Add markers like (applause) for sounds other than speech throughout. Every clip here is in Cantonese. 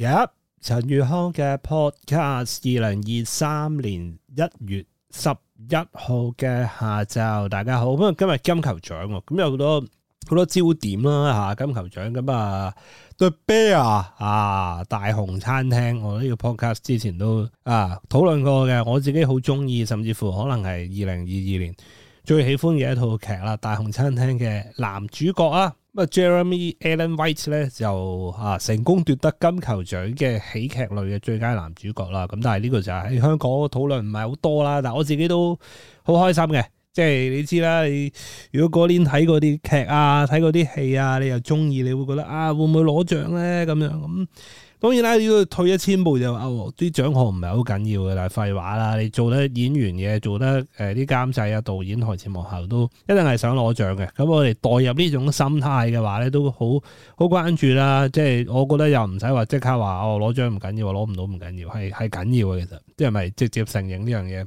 Yep 陳宇康嘅 podcast，二零二三年一月十一號嘅下晝，大家好，咁啊今日金球獎、哦，咁、嗯、有好多好多焦點啦、啊、吓，金球獎咁啊 The Bear 啊，大熊餐廳我呢個 podcast 之前都啊討論過嘅，我自己好中意，甚至乎可能係二零二二年最喜歡嘅一套劇啦，大熊餐廳嘅男主角啊。Jeremy Allen White 咧，就啊成功奪得金球獎嘅喜劇類嘅最佳男主角啦。咁但係呢個就喺香港討論唔係好多啦。但係我自己都好開心嘅，即係你知啦。你如果嗰年睇嗰啲劇啊，睇嗰啲戲啊，你又中意，你會覺得啊，會唔會攞獎咧？咁樣咁。當然啦，要退一千步就話哦，啲獎項唔係好緊要嘅，但係廢話啦。你做得演員嘅，做得誒啲監製啊、導演、台前幕後都一定係想攞獎嘅。咁我哋代入呢種心態嘅話咧，都好好關注啦。即係我覺得又唔使話即刻話，哦，攞獎唔緊要，攞唔到唔緊要，係係緊要嘅。其實即係咪直接承認呢樣嘢。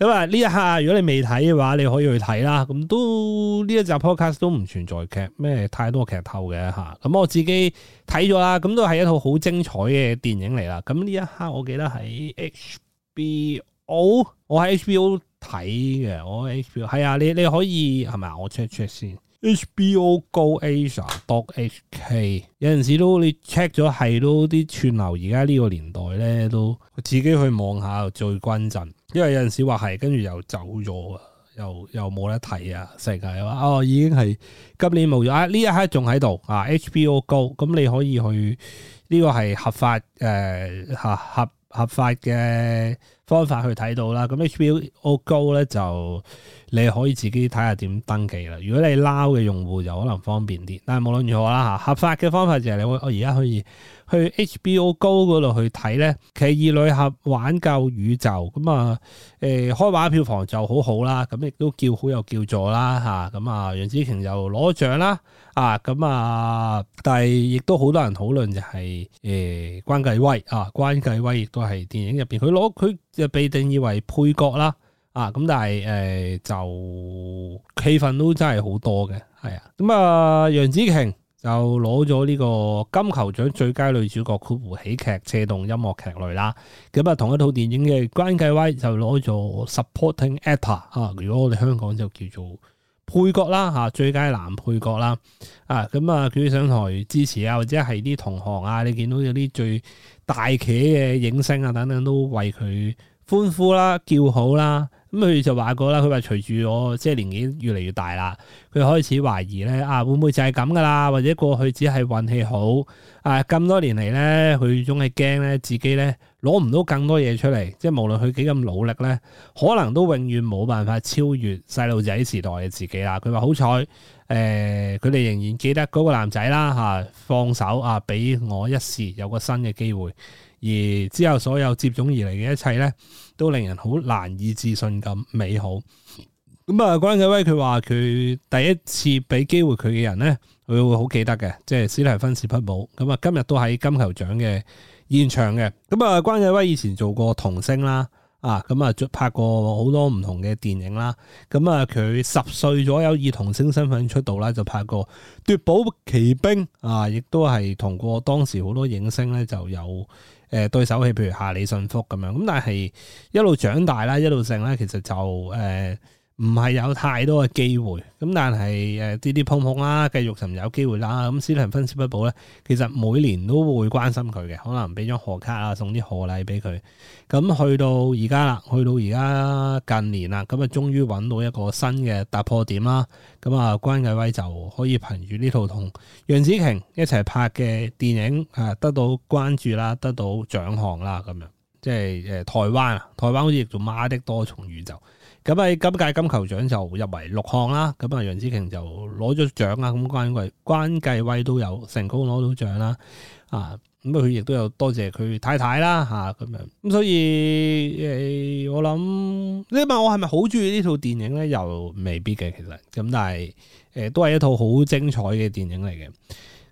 咁啊！呢一刻如果你未睇嘅話，你可以去睇啦。咁都呢一集 podcast 都唔存在劇咩太多劇透嘅吓。咁、啊、我自己睇咗啦，咁都係一套好精彩嘅電影嚟啦。咁呢一刻我記得喺 HBO，我喺 HBO 睇嘅，我喺 HBO 係啊，你你可以係咪啊？我 check check 先。HBO Go Asia .dot H K 有陣時都你 check 咗係都啲串流而家呢個年代咧都自己去望下最均陣，因為有陣時話係跟住又走咗啊，又又冇得睇啊！成日話哦，已經係今年冇咗啊，呢一刻仲喺度啊！HBO Go 咁你可以去呢、呢個係合法誒、呃啊、合合合法嘅方法去睇到啦。咁 HBO Go 咧就。你可以自己睇下點登記啦。如果你撈嘅用戶就可能方便啲，但係無論如何啦嚇，合法嘅方法就係你會我我而家可以去 HBO Go 嗰度去睇咧。奇異女俠玩救宇宙咁啊誒開畫票房就好好啦，咁亦都叫好又叫座啦嚇。咁啊楊紫瓊又攞獎啦啊咁啊，但係亦都好多人討論就係、是、誒、呃、關繼威啊，關繼威亦都係電影入邊佢攞佢就被定義為配角啦。啊，咁但係誒、呃，就氣氛都真係好多嘅，係、嗯、啊。咁啊，楊紫瓊就攞咗呢個金球獎最佳女主角，括弧喜劇、車動音樂劇類啦。咁、嗯、啊，同一套電影嘅關繼威就攞咗 supporting actor，吓、啊，如果我哋香港就叫做配角啦，吓、啊，最佳男配角啦。啊，咁、嗯、啊，佢上台支持啊，或者係啲同行啊，你見到有啲最大企嘅影星啊等等都為佢歡呼啦、叫好啦。咁佢就話過啦，佢話隨住我即係年紀越嚟越大啦，佢開始懷疑咧啊，會唔會就係咁噶啦？或者過去只係運氣好啊？咁多年嚟咧，佢總係驚咧自己咧攞唔到更多嘢出嚟，即係無論佢幾咁努力咧，可能都永遠冇辦法超越細路仔時代嘅自己啦。佢話好彩誒，佢哋仍然記得嗰個男仔啦嚇，放手啊，俾我一試，有個新嘅機會。而之後所有接踵而嚟嘅一切呢，都令人好難以置信咁美好。咁、嗯、啊，關繼威佢話佢第一次俾機會佢嘅人呢，佢會好記得嘅，即係史提芬士匹堡。咁、嗯、啊，今日都喺金球獎嘅現場嘅。咁、嗯、啊，關繼威以前做過童星啦，啊，咁啊，啊拍過好多唔同嘅電影啦。咁啊，佢、啊、十歲左右以童星身份出道啦，就拍過《奪寶奇兵》啊，亦都係同過當時好多影星呢就有。誒、呃、對手戲，譬如下李信福咁樣，咁但係一路長大啦，一路成啦，其實就誒，呃唔係有太多嘅機會，咁但係誒跌跌碰碰啦，繼續仍然有機會啦。咁史提芬史匹堡咧，其實每年都會關心佢嘅，可能俾張賀卡啊，送啲賀禮俾佢。咁去到而家啦，去到而家近年啦，咁啊終於揾到一個新嘅突破點啦。咁啊關繼威就可以憑住呢套同楊紫瓊一齊拍嘅電影啊，得到關注啦，得到獎項啦咁樣。即係誒台灣啊，台灣好似亦做《媽的多重宇宙》。咁喺今屆金球獎就入圍六項啦。咁啊楊紫瓊就攞咗獎啦。咁關繼關繼威都有成功攞到獎啦。啊，咁啊佢亦都有多謝佢太太啦。嚇咁樣。咁所以誒、欸，我諗你問我係咪好中意呢套電影咧？又未必嘅，其實咁，但係誒、呃、都係一套好精彩嘅電影嚟嘅。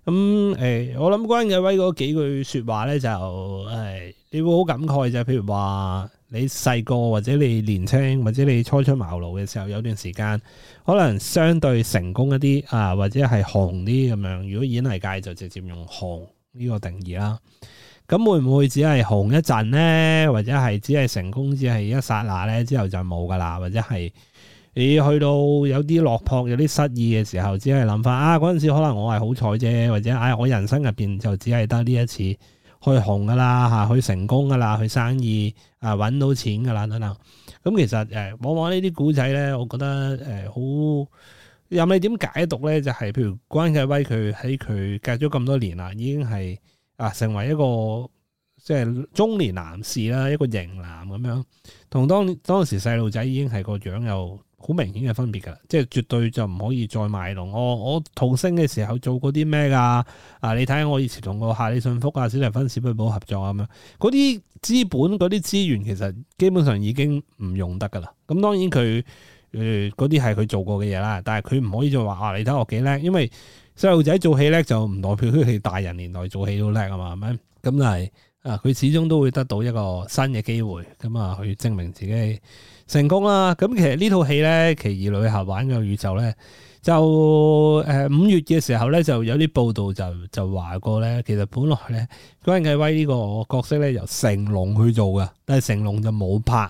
咁誒、嗯欸，我諗關繼威嗰幾句說話咧，就係你會好感慨就，譬如話你細個或者你年青或者你初出茅廬嘅時候，有段時間可能相對成功一啲啊，或者係紅啲咁樣。如果演藝界就直接用紅呢、呢個定義啦。咁會唔會只係紅一陣呢？或者係只係成功只係一剎那咧，之後就冇噶啦，或者係？你去到有啲落魄、有啲失意嘅時候，只係諗翻啊嗰陣時，可能我係好彩啫，或者唉、哎，我人生入邊就只係得呢一次去紅噶啦，嚇、啊、去成功噶啦，去生意啊揾到錢噶啦等等。咁、嗯、其實誒、欸，往往呢啲古仔咧，我覺得誒好、欸，有你點解讀咧，就係、是、譬如關繼威佢喺佢隔咗咁多年啦，已經係啊成為一個即係、就是、中年男士啦，一個型男咁樣，同當當時細路仔已經係個樣又～好明顯嘅分別㗎，即係絕對就唔可以再賣弄、哦。我我童星嘅時候做過啲咩㗎？啊，你睇下我以前同個夏利信福啊、史提芬、史匹堡合作咁、啊、樣，嗰啲資本、嗰啲資源其實基本上已經唔用得㗎啦。咁、嗯、當然佢誒嗰啲係佢做過嘅嘢啦，但係佢唔可以再話啊，你睇我幾叻，因為細路仔做戲叻就唔代表佢哋大人年代做戲都叻啊嘛，咁咪。但啊！佢始終都會得到一個新嘅機會，咁啊去證明自己成功啦。咁其實呢套戲呢，《奇異女俠玩救宇宙》呢，就誒五、呃、月嘅時候呢，就有啲報道就就話過咧，其實本來呢，關繼威呢個角色呢，由成龍去做嘅，但係成龍就冇拍。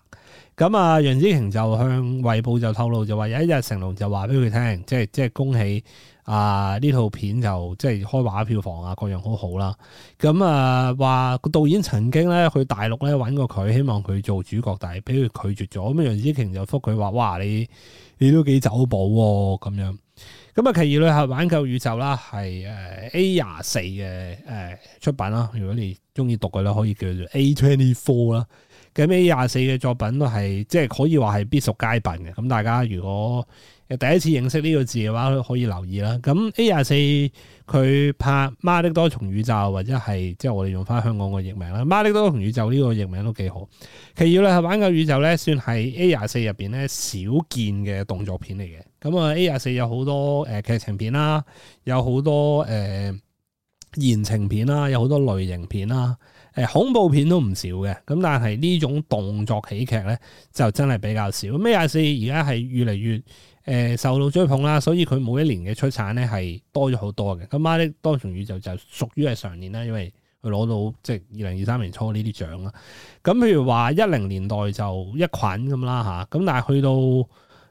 咁、嗯、啊楊紫瓊就向《衛報》就透露就話有一日成龍就話俾佢聽，即係即係恭喜。啊！呢套片就即係開畫票房啊，各樣好好啦。咁、嗯、啊，話個導演曾經咧去大陸咧揾過佢，希望佢做主角，但係俾佢拒絕咗。咁啊，楊紫瓊就覆佢話：，哇，你你都幾走寶喎、哦，咁樣。咁啊，奇異女俠玩救宇宙啦，係誒 A 廿四嘅誒出品啦。如果你中意讀嘅咧，可以叫做 A twenty four 啦。咁 A 廿四嘅作品都係即係可以話係必屬佳品嘅。咁大家如果，第一次認識呢個字嘅話，可以留意啦。咁 A 廿四佢拍《媽的多重宇宙》，或者係即係我哋用翻香港嘅譯名啦，《媽的多重宇宙》呢、這個譯名都幾好。其二咧，《玩救宇宙》咧算係 A 廿四入邊咧少見嘅動作片嚟嘅。咁啊，A 廿四有好多誒、呃、劇情片啦，有好多誒言、呃、情片啦，有好多類型片啦。誒，恐怖片都唔少嘅，咁但係呢種動作喜劇咧，就真係比較少。咩啊？四而家係越嚟越誒、呃、受到追捧啦，所以佢每一年嘅出產咧係多咗好多嘅。咁、嗯，《媽的多重宇宙》就屬於係上年啦，因為佢攞到即係二零二三年初呢啲獎啊。咁、嗯、譬如話一零年代就一捆，咁啦吓，咁、啊、但係去到誒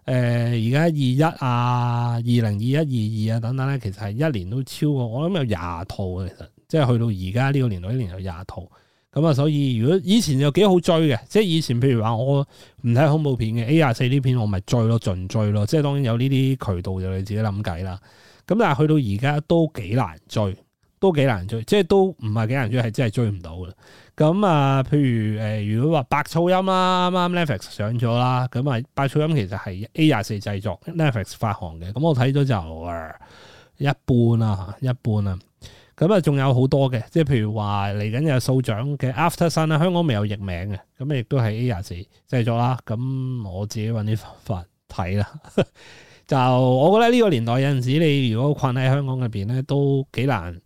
而家二一啊、二零二一、二二啊等等咧，其實係一年都超過，我諗有廿套嘅其實。即係去到而家呢個年代，一、這個、年、這個、年有廿套咁啊、嗯！所以如果以前又幾好追嘅，即係以前譬如話我唔睇恐怖片嘅 A 廿四呢片我咪追咯，盡追咯。即係當然有呢啲渠道就你自己諗計啦。咁、嗯、但係去到而家都幾難追，都幾難追，即係都唔係幾難追，係真係追唔到嘅。咁、嗯、啊，譬如誒、呃，如果話白噪音啦、啊，啱啱 Netflix 上咗啦，咁、嗯、啊白噪音其實係 A 廿四製作，Netflix 發行嘅。咁、嗯、我睇咗就一般啦，一般啊。一般啊。咁啊，仲有好多嘅，即係譬如話嚟緊有數獎嘅 After Sun 啦，香港未有譯名嘅，咁亦都係 A24 製作啦。咁我自己搵啲法睇啦。 (laughs) 就我覺得呢個年代有陣時，你如果困喺香港入邊咧，都幾難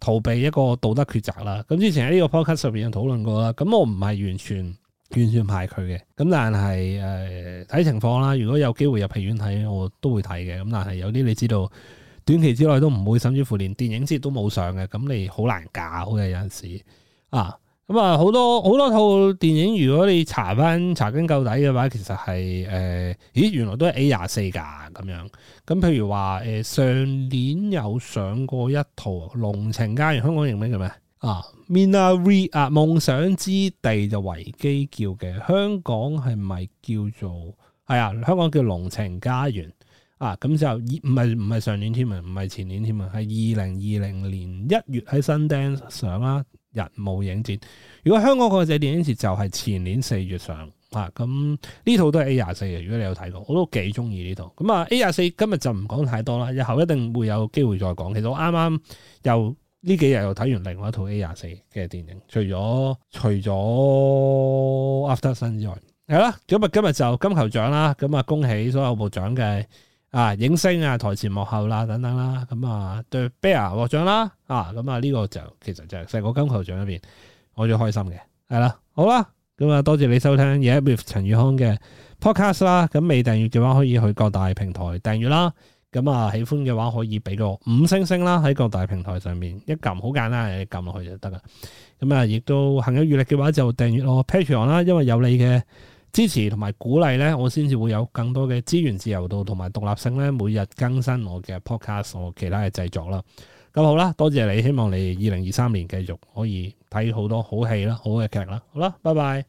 逃避一個道德抉擇啦。咁之前喺呢個 podcast 上邊有討論過啦。咁我唔係完全完全排佢嘅，咁但係誒睇情況啦。如果有機會入戲院睇，我都會睇嘅。咁但係有啲你知道。短期之內都唔會，甚至乎連電影節都冇上嘅，咁你好難搞嘅有陣時啊。咁、嗯、啊，好、嗯、多好多套電影，如果你查翻查根究底嘅話，其實係誒、呃，咦原來都係 A 廿四㗎咁樣。咁、嗯、譬如話誒、呃，上年有上過一套龍情家園，香港叫咩叫咩啊 Minari 啊，夢想之地就維基叫嘅，香港係咪叫做係啊、哎？香港叫龍情家園。啊，咁就唔係唔係上年添啊，唔係前年添啊，係二零二零年一月喺新丁上啦，日暮影節。如果香港國際電影節就係、是、前年四月上啊，咁呢套都係 A 廿四嘅，如果你有睇過，我都幾中意呢套。咁啊 A 廿四今日就唔講太多啦，日後一定會有機會再講。其實我啱啱又呢幾日又睇完另外一套 A 廿四嘅電影，除咗除咗 After Sun 之外，係、哎、啦。咁啊今日就金球獎啦，咁啊恭喜所有獲獎嘅。啊！影星啊，台前幕後啦，等等啦，咁啊，對 bear 獲獎啦，啊，咁啊呢、這個就其實就係成個金球獎入面我最開心嘅，係啦。好啦，咁、嗯、啊多謝你收聽嘢 with 陳宇康嘅 Podcast 啦，咁、嗯、未訂閱嘅話可以去各大平台訂閱啦，咁、嗯、啊喜歡嘅話可以俾個五星星啦，喺各大平台上面一撳，好簡單，你撳落去就得噶，咁啊亦都行有餘力嘅話就訂閱我 Patreon 啦，因為有你嘅。支持同埋鼓勵咧，我先至會有更多嘅資源自由度同埋獨立性咧，每日更新我嘅 podcast 我其他嘅製作啦。咁好啦，多謝你，希望你二零二三年繼續可以睇好多好戲啦，好嘅劇啦。好啦，拜拜。